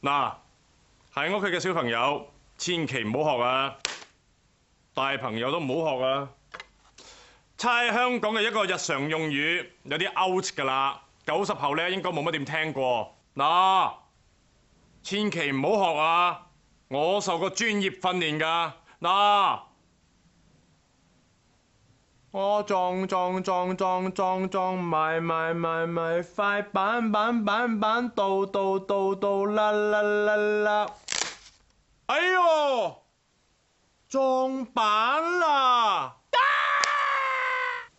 嗱，喺屋企嘅小朋友千祈唔好學啊，大朋友都唔好學啊。猜香港嘅一個日常用語，有啲 out 噶啦，九十後呢應該冇乜點聽過。嗱，千祈唔好學啊，我受過專業訓練噶。嗱。我撞撞撞撞撞撞埋埋埋埋塊板板板板倒倒倒倒啦啦啦啦！哎呦，撞板啦！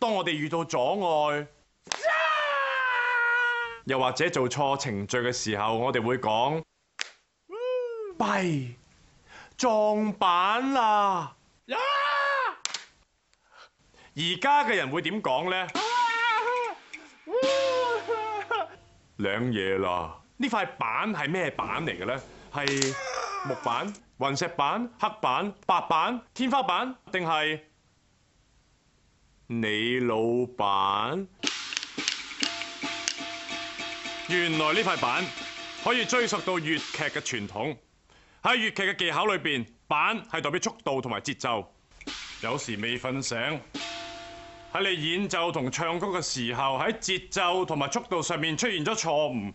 當我哋遇到阻礙，又或者做錯程序嘅時候，我哋會講，弊，撞板啦！而家嘅人會點講呢？兩嘢啦！呢塊板係咩板嚟嘅呢？係木板、雲石板、黑板、白板、天花板，定係你老闆？原來呢塊板可以追溯到粵劇嘅傳統。喺粵劇嘅技巧裏邊，板係代表速度同埋節奏。有時未瞓醒。喺你演奏同唱歌嘅時候，喺節奏同埋速度上面出現咗錯誤，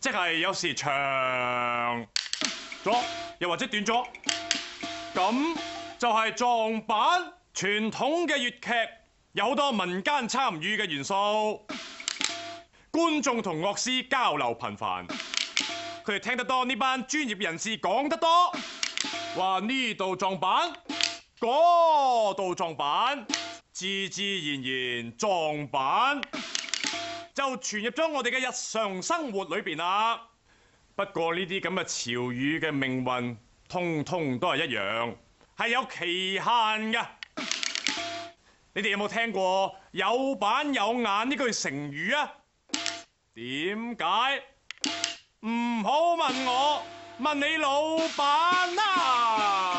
即係有時長咗，又或者短咗，咁就係撞板。傳統嘅粵劇有好多民間參與嘅元素，觀眾同樂師交流頻繁，佢哋聽得多呢班專業人士講得多，話呢度撞板，嗰度撞板。自自然然，撞板就傳入咗我哋嘅日常生活裏邊啦。不過呢啲咁嘅潮語嘅命運，通通都係一樣，係有期限㗎。你哋有冇聽過有板有眼呢句成語啊？點解？唔好問我，問你老闆啦。